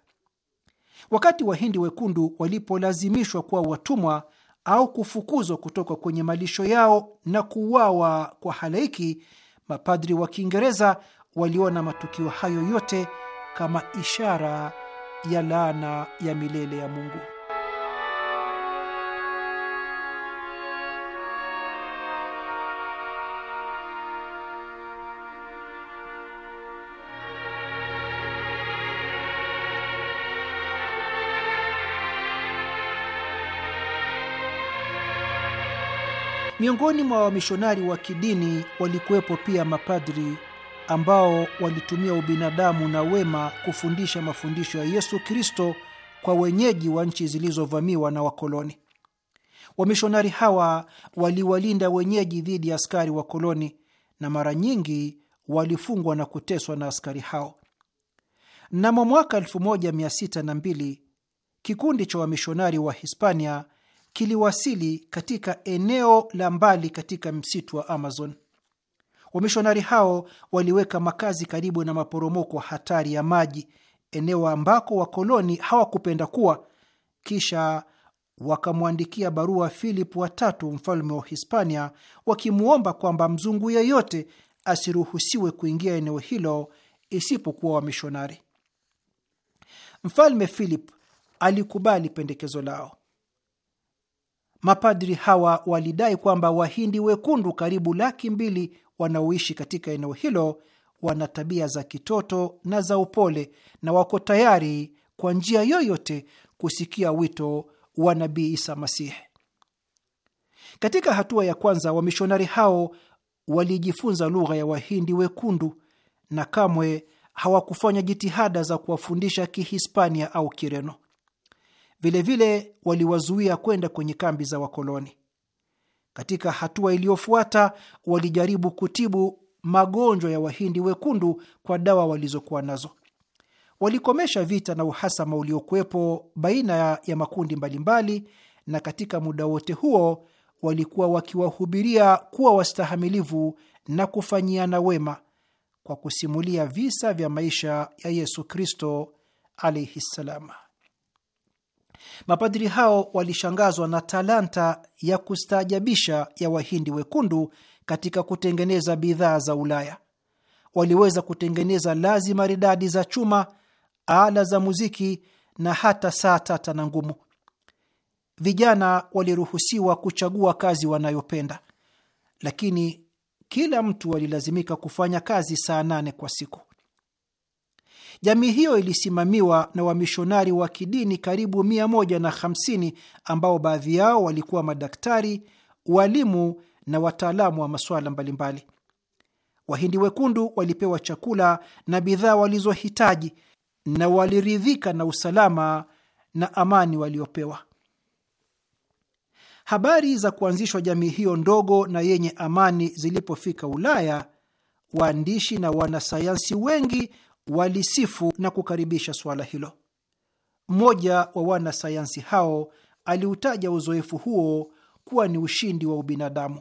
Wakati Wahindi wekundu walipolazimishwa kuwa watumwa au kufukuzwa kutoka kwenye malisho yao na kuuawa kwa halaiki, mapadri wa Kiingereza waliona matukio hayo yote kama ishara ya laana ya milele ya Mungu. Miongoni mwa wamishonari wa kidini walikuwepo pia mapadri ambao walitumia ubinadamu na wema kufundisha mafundisho ya Yesu Kristo kwa wenyeji wa nchi zilizovamiwa na wakoloni. Wamishonari hawa waliwalinda wenyeji dhidi ya askari wakoloni na mara nyingi walifungwa na kuteswa na askari hao. Mnamo mwaka 1602 kikundi cha wamishonari wa Hispania kiliwasili katika eneo la mbali katika msitu wa Amazon. Wamishonari hao waliweka makazi karibu na maporomoko hatari ya maji, eneo ambako wakoloni hawakupenda kuwa, kisha wakamwandikia barua Philip watatu mfalme wa Hispania wakimwomba kwamba mzungu yeyote asiruhusiwe kuingia eneo hilo isipokuwa wamishonari. Mfalme Philip alikubali pendekezo lao. Mapadri hawa walidai kwamba Wahindi wekundu karibu laki mbili wanaoishi katika eneo hilo wana tabia za kitoto na za upole na wako tayari kwa njia yoyote kusikia wito wa Nabii Isa Masihi. Katika hatua ya kwanza, wamishonari hao walijifunza lugha ya Wahindi wekundu na kamwe hawakufanya jitihada za kuwafundisha Kihispania au Kireno. Vilevile waliwazuia kwenda kwenye kambi za wakoloni. Katika hatua iliyofuata, walijaribu kutibu magonjwa ya Wahindi wekundu kwa dawa walizokuwa nazo. Walikomesha vita na uhasama uliokuwepo baina ya makundi mbalimbali, na katika muda wote huo walikuwa wakiwahubiria kuwa wastahamilivu na kufanyiana wema kwa kusimulia visa vya maisha ya Yesu Kristo alaihi Mapadiri hao walishangazwa na talanta ya kustaajabisha ya Wahindi wekundu katika kutengeneza bidhaa za Ulaya. Waliweza kutengeneza lazi maridadi za chuma, ala za muziki na hata saa tata na ngumu. Vijana waliruhusiwa kuchagua kazi wanayopenda, lakini kila mtu alilazimika kufanya kazi saa nane kwa siku. Jamii hiyo ilisimamiwa na wamishonari wa kidini karibu 150 ambao baadhi yao walikuwa madaktari, walimu na wataalamu wa masuala mbalimbali. Wahindi wekundu walipewa chakula na bidhaa walizohitaji na waliridhika na usalama na amani waliopewa. Habari za kuanzishwa jamii hiyo ndogo na yenye amani zilipofika Ulaya, waandishi na wanasayansi wengi walisifu na kukaribisha suala hilo. Mmoja wa wanasayansi hao aliutaja uzoefu huo kuwa ni ushindi wa ubinadamu.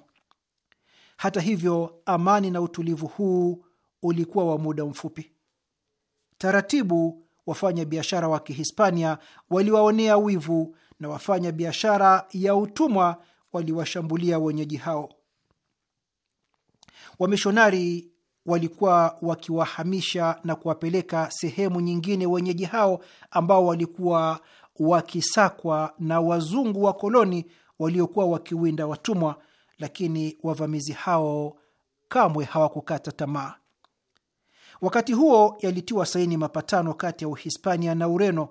Hata hivyo, amani na utulivu huu ulikuwa wa muda mfupi. Taratibu wafanya biashara wa Kihispania waliwaonea wivu na wafanya biashara ya utumwa waliwashambulia wenyeji hao. Wamishonari walikuwa wakiwahamisha na kuwapeleka sehemu nyingine wenyeji hao ambao walikuwa wakisakwa na wazungu wa koloni waliokuwa wakiwinda watumwa, lakini wavamizi hao kamwe hawakukata tamaa. Wakati huo yalitiwa saini mapatano kati ya Uhispania na Ureno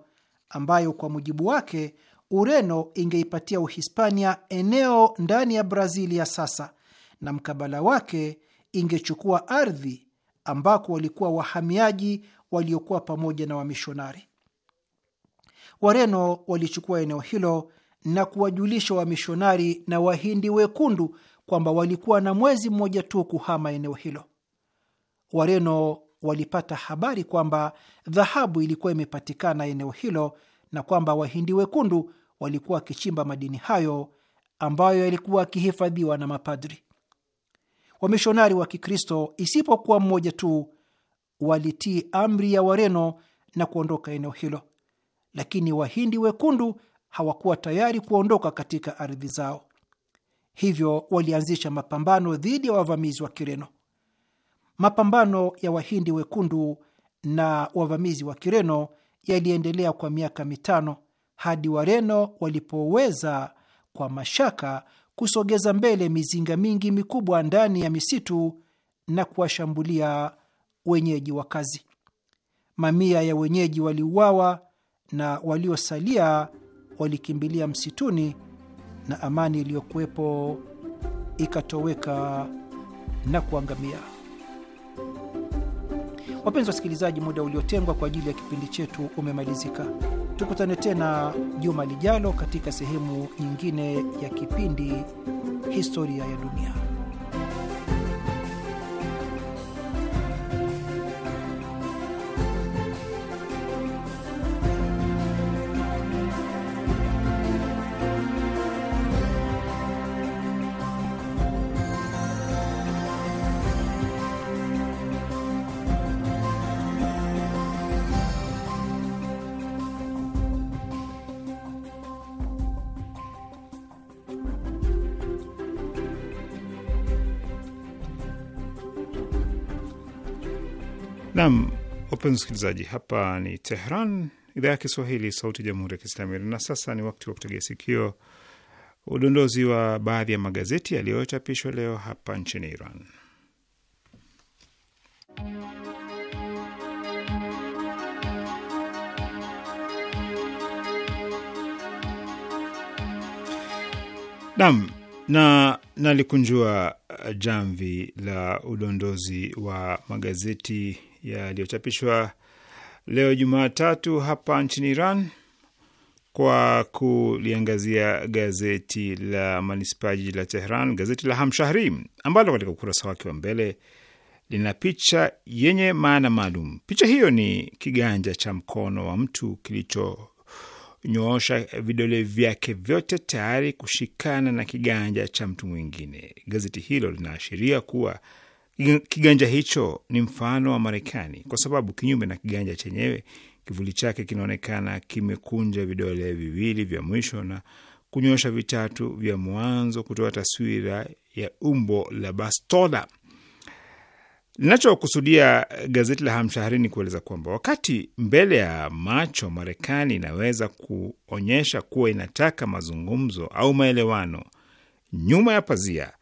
ambayo kwa mujibu wake Ureno ingeipatia Uhispania eneo ndani ya Brazili ya sasa na mkabala wake ingechukua ardhi ambako walikuwa wahamiaji waliokuwa pamoja na wamishonari. Wareno walichukua eneo hilo na kuwajulisha wamishonari na Wahindi wekundu kwamba walikuwa na mwezi mmoja tu kuhama eneo hilo. Wareno walipata habari kwamba dhahabu ilikuwa imepatikana eneo hilo na kwamba Wahindi wekundu walikuwa wakichimba madini hayo ambayo yalikuwa akihifadhiwa na mapadri wamishonari wa Kikristo isipokuwa mmoja tu walitii amri ya Wareno na kuondoka eneo hilo, lakini Wahindi wekundu hawakuwa tayari kuondoka katika ardhi zao, hivyo walianzisha mapambano dhidi ya wavamizi wa Kireno. Mapambano ya Wahindi wekundu na wavamizi wa Kireno yaliendelea kwa miaka mitano hadi Wareno walipoweza kwa mashaka kusogeza mbele mizinga mingi mikubwa ndani ya misitu na kuwashambulia wenyeji wa kazi Mamia ya wenyeji waliuawa na waliosalia walikimbilia msituni na amani iliyokuwepo ikatoweka na kuangamia. Wapenzi wasikilizaji, muda uliotengwa kwa ajili ya kipindi chetu umemalizika. Tukutane tena juma lijalo katika sehemu nyingine ya kipindi Historia ya Dunia. Wapenzi msikilizaji, hapa ni Tehran, idhaa ya Kiswahili, sauti ya jamhuri ya kiislamu Iran. Na sasa ni wakati wa kutegea sikio udondozi wa baadhi ya magazeti yaliyochapishwa leo hapa nchini Iran. Nam na nalikunjua jamvi la udondozi wa magazeti yaliyochapishwa leo Jumatatu hapa nchini Iran kwa kuliangazia gazeti la manispaa jiji la Tehran, gazeti la Hamshahri ambalo katika ukurasa wake wa mbele lina picha yenye maana maalum. Picha hiyo ni kiganja cha mkono wa mtu kilichonyoosha vidole vyake vyote tayari kushikana na kiganja cha mtu mwingine. Gazeti hilo linaashiria kuwa Kiganja hicho ni mfano wa Marekani kwa sababu kinyume na kiganja chenyewe, kivuli chake kinaonekana kimekunja vidole viwili vya mwisho na kunyosha vitatu vya mwanzo kutoa taswira ya umbo la bastola. Linachokusudia gazeti la Hamshahari ni kueleza kwamba wakati mbele ya macho Marekani inaweza kuonyesha kuwa inataka mazungumzo au maelewano, nyuma ya pazia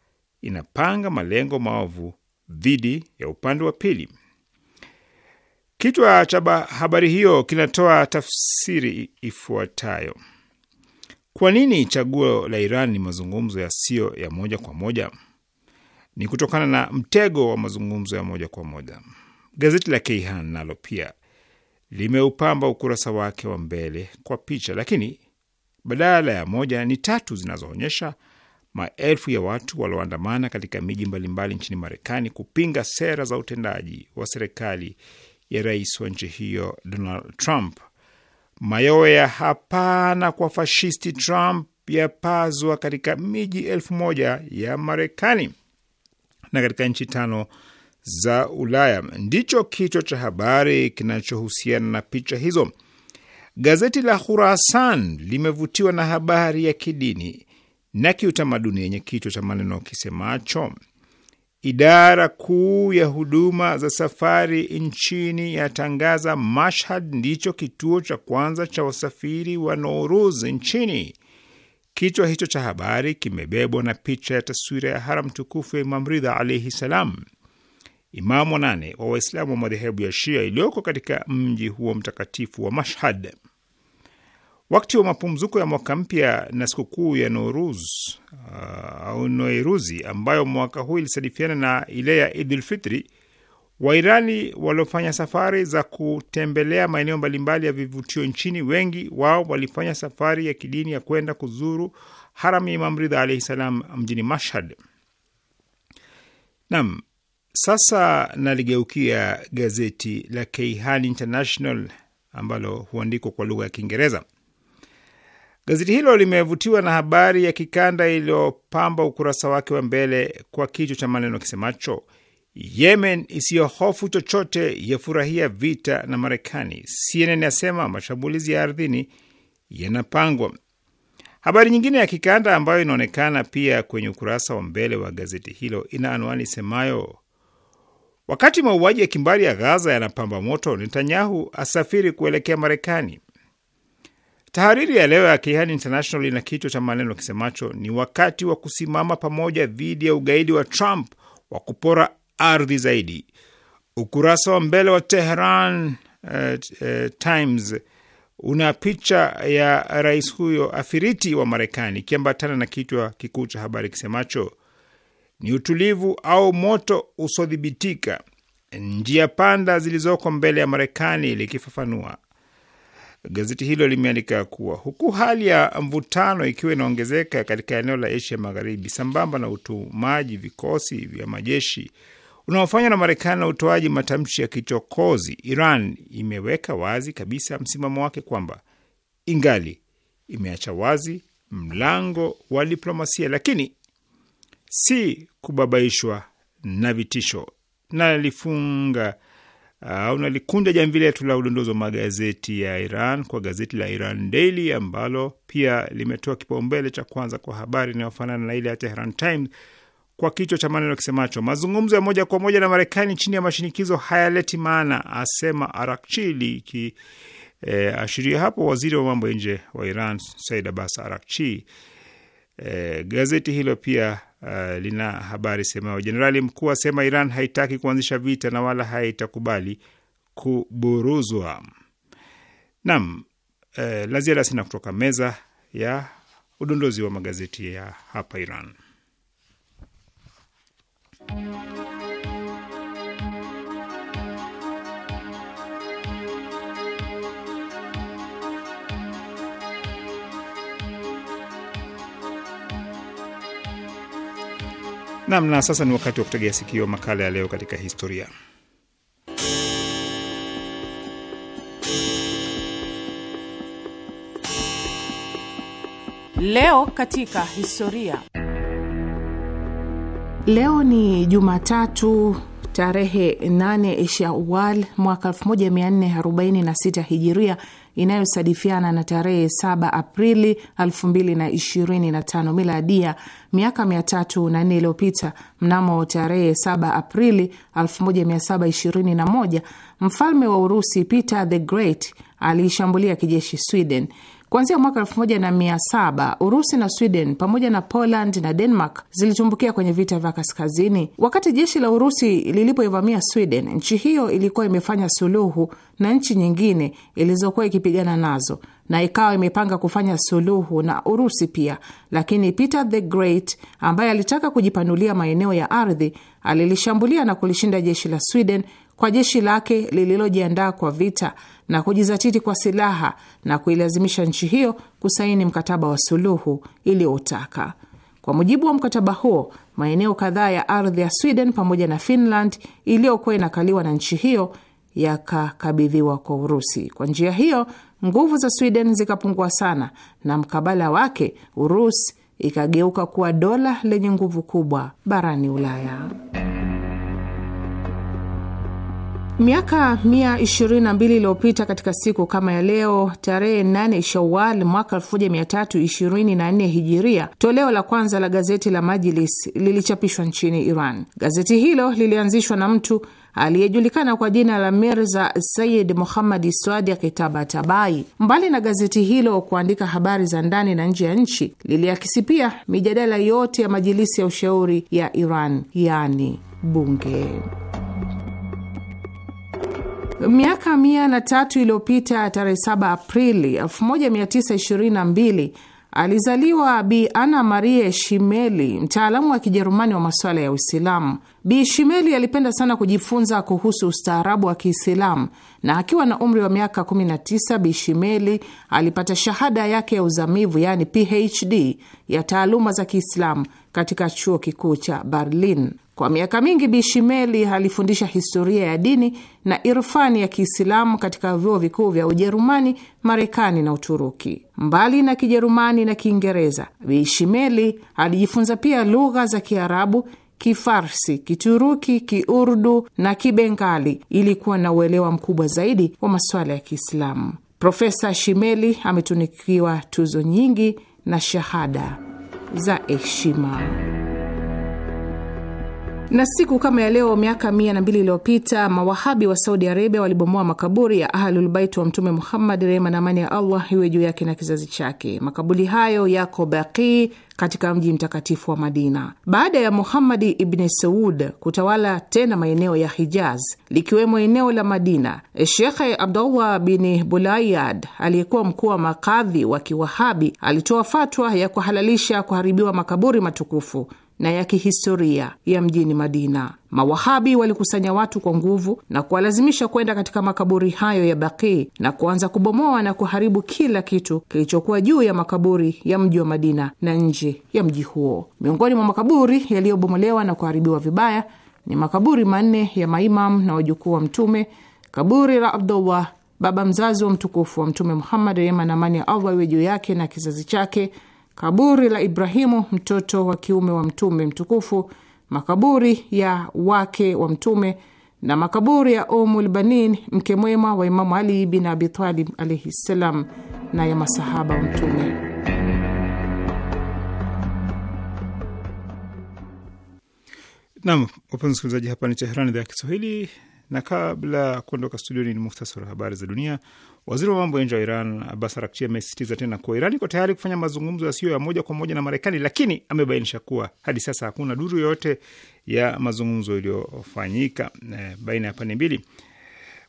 inapanga malengo maovu dhidi ya upande wa pili. Kichwa cha habari hiyo kinatoa tafsiri ifuatayo: kwa nini chaguo la Iran ni mazungumzo yasiyo ya moja kwa moja? Ni kutokana na mtego wa mazungumzo ya moja kwa moja. Gazeti la Keihan nalo pia limeupamba ukurasa wake wa mbele kwa picha, lakini badala ya moja ni tatu zinazoonyesha maelfu ya watu walioandamana katika miji mbalimbali nchini Marekani kupinga sera za utendaji wa serikali ya rais wa nchi hiyo Donald Trump. Mayowe ya hapana kwa fashisti Trump yapazwa katika miji elfu moja ya Marekani na katika nchi tano za Ulaya, ndicho kichwa cha habari kinachohusiana na picha hizo. Gazeti la Khurasan limevutiwa na habari ya kidini na kiutamaduni yenye kichwa cha maneno kisemacho idara kuu ya huduma za safari nchini yatangaza Mashhad ndicho kituo cha kwanza cha wasafiri wa nouruz nchini. Kichwa hicho cha habari kimebebwa na picha ya taswira ya haram tukufu ya Imam Ridha alaihi salam, imamu wa nane wa Waislamu wa madhehebu ya Shia iliyoko katika mji huo mtakatifu wa Mashhad. Wakati wa mapumzuko ya mwaka mpya na sikukuu ya uh, au Noiruzi, ambayo mwaka huu ilisadifiana na ile ya Idul Wairani waliofanya safari za kutembelea maeneo mbalimbali ya vivutio nchini, wengi wao walifanya safari ya kidini ya kwenda kuzuru haram ya Imam Ridha alaihi salam mjini Mashhad. Nam, sasa naligeukia gazeti la Keihan International ambalo huandikwa kwa lugha ya Kiingereza. Gazeti hilo limevutiwa na habari ya kikanda iliyopamba ukurasa wake wa mbele kwa kichwa cha maneno kisemacho Yemen isiyo hofu chochote yafurahia vita na Marekani. CNN yasema mashambulizi ya ardhini yanapangwa. Habari nyingine ya kikanda ambayo inaonekana pia kwenye ukurasa wa mbele wa gazeti hilo ina anwani semayo wakati mauaji ya kimbari ya Gaza yanapamba moto, Netanyahu asafiri kuelekea Marekani. Tahariri ya leo ya Kayhan International ina kichwa cha maneno kisemacho ni wakati wa kusimama pamoja dhidi ya ugaidi wa Trump wa kupora ardhi zaidi. Ukurasa wa mbele wa Tehran uh, uh, Times una picha ya rais huyo afiriti wa Marekani ikiambatana na kichwa kikuu cha habari kisemacho ni utulivu au moto usiodhibitika, njia panda zilizoko mbele ya Marekani, likifafanua Gazeti hilo limeandika kuwa huku hali ya mvutano ikiwa inaongezeka katika eneo la Asia Magharibi sambamba na utumaji vikosi vya majeshi unaofanywa na Marekani na utoaji matamshi ya kichokozi, Iran imeweka wazi kabisa msimamo wake kwamba ingali imeacha wazi mlango wa diplomasia, lakini si kubabaishwa na vitisho, na lifunga Uh, unalikunja jamvi letu la udondozi wa magazeti ya Iran kwa gazeti la Iran Daily ambalo pia limetoa kipaumbele cha kwanza kwa habari inayofanana na ile ya Tehran Times kwa kichwa cha maneno kisemacho mazungumzo ya moja kwa moja na Marekani chini ya mashinikizo hayaleti maana, asema Arakchi, likiashiria eh, e, hapo waziri wa mambo ya nje wa Iran Said Abbas Arakchi. E, gazeti hilo pia uh, lina habari semayo jenerali mkuu asema Iran haitaki kuanzisha vita na wala haitakubali kuburuzwa. Naam, uh, la ziada sina kutoka meza ya udondozi wa magazeti ya hapa Iran. Nam, na sasa ni wakati wa kutegea sikio makala ya leo katika historia. Leo katika historia. Leo ni Jumatatu tarehe 8 Shawal mwaka 1446 Hijiria inayosadifiana na tarehe 7 Aprili 2025 miladia, miaka 304 iliyopita, mnamo tarehe 7 Aprili 1721 mfalme wa Urusi Peter the Great aliishambulia kijeshi Sweden. Kuanzia mwaka saba Urusi na Sweden pamoja na Poland na Denmark zilitumbukia kwenye vita vya kaskazini. Wakati jeshi la Urusi lilipoivamia Sweden, nchi hiyo ilikuwa imefanya suluhu na nchi nyingine ilizokuwa ikipigana nazo na ikawa imepanga kufanya suluhu na Urusi pia, lakini Peter the Great ambaye alitaka kujipanulia maeneo ya ardhi alilishambulia na kulishinda jeshi la Sweden kwa jeshi lake lililojiandaa kwa vita na kujizatiti kwa silaha na kuilazimisha nchi hiyo kusaini mkataba wa suluhu iliyoutaka. Kwa mujibu wa mkataba huo, maeneo kadhaa ya ardhi ya Sweden pamoja na Finland iliyokuwa inakaliwa na nchi hiyo yakakabidhiwa kwa Urusi. Kwa njia hiyo, nguvu za Sweden zikapungua sana, na mkabala wake Urusi ikageuka kuwa dola lenye nguvu kubwa barani Ulaya. Miaka 122 iliyopita katika siku kama ya leo tarehe 8 Shawal mwaka 1324 Hijiria, toleo la kwanza la gazeti la Majlis lilichapishwa nchini Iran. Gazeti hilo lilianzishwa na mtu aliyejulikana kwa jina la Mirza Sayid Muhammadi Swadia tabatabai Mbali na gazeti hilo kuandika habari za ndani na nje ya nchi, liliakisi pia mijadala yote ya majilisi ya ushauri ya Iran, yani bunge. Miaka mia na tatu iliyopita, tarehe 7 Aprili 1922 alizaliwa Bi Ana Marie Shimeli, mtaalamu wa Kijerumani wa masuala ya Uislamu. Bi Shimeli alipenda sana kujifunza kuhusu ustaarabu wa Kiislamu, na akiwa na umri wa miaka 19 Bi Shimeli alipata shahada yake ya uzamivu, yaani PhD ya taaluma za Kiislamu katika chuo kikuu cha Berlin. Kwa miaka mingi Bishimeli alifundisha historia ya dini na irfani ya Kiislamu katika vyuo vikuu vya Ujerumani, Marekani na Uturuki. Mbali na Kijerumani na Kiingereza, Bishimeli alijifunza pia lugha za Kiarabu, Kifarsi, Kituruki, Kiurdu na Kibengali ili kuwa na uelewa mkubwa zaidi wa masuala ya Kiislamu. Profesa Shimeli ametunikiwa tuzo nyingi na shahada za heshima. Na siku kama ya leo miaka mia na mbili iliyopita mawahabi wa Saudi Arabia walibomoa makaburi ya Ahlulbaiti wa Mtume Muhammad, rehma na amani ya Allah iwe juu yake na kizazi chake. Makaburi hayo yako Baqii katika mji mtakatifu wa Madina. Baada ya Muhammadi Ibni Saud kutawala tena maeneo ya Hijaz likiwemo eneo la Madina, Shekhe Abdullah bin Bulayad aliyekuwa mkuu wa makadhi wa Kiwahabi alitoa fatwa ya kuhalalisha kuharibiwa makaburi matukufu na ya kihistoria ya mjini Madina. Mawahabi walikusanya watu kwa nguvu na kuwalazimisha kwenda katika makaburi hayo ya baqii na kuanza kubomoa na kuharibu kila kitu kilichokuwa juu ya makaburi ya mji wa Madina na nje ya mji huo. Miongoni mwa makaburi yaliyobomolewa na kuharibiwa vibaya ni makaburi manne ya maimam na wajukuu wa Mtume, kaburi la Abdullah, baba mzazi wa mtukufu wa Mtume Muhammad, rehema na amani ya Allah iwe juu yake na kizazi chake kaburi la Ibrahimu mtoto wa kiume wa mtume mtukufu, makaburi ya wake wa mtume na makaburi ya Umul Banin, mke mwema wa Imamu Ali bin Abi Talib alaihi ssalam, na ya masahaba wa mtume. Nam, wapenzi msikilizaji, hapa ni Teherani, idhaa ya Kiswahili, na kabla ya kuondoka studioni ni muhtasari wa habari za dunia. Waziri wa mambo ya nje wa Iran Abbas Araghchi amesisitiza tena kuwa Iran iko tayari kufanya mazungumzo yasiyo ya moja kwa moja na Marekani, lakini amebainisha kuwa hadi sasa hakuna duru yoyote ya mazungumzo iliyofanyika eh, baina ya pande mbili.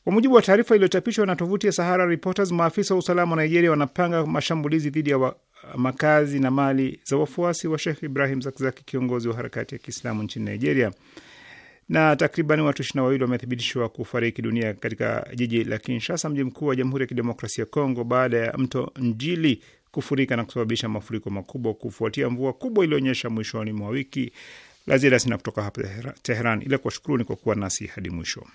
Kwa mujibu wa taarifa iliyochapishwa na tovuti ya Sahara Reporters, maafisa wa usalama wa Nigeria wanapanga mashambulizi dhidi ya wa, makazi na mali za wafuasi wa Sheikh Ibrahim Zakzaki, kiongozi wa harakati ya Kiislamu nchini Nigeria na takriban watu ishirini na wawili wamethibitishwa kufariki dunia katika jiji la Kinshasa, mji mkuu wa Jamhuri ya Kidemokrasia ya Kongo, baada ya mto Njili kufurika na kusababisha mafuriko makubwa kufuatia mvua kubwa iliyoonyesha mwishoni mwa wiki. La ziada sina kutoka hapa Teheran ila kuwashukuruni kwa kuwa nasi hadi mwisho.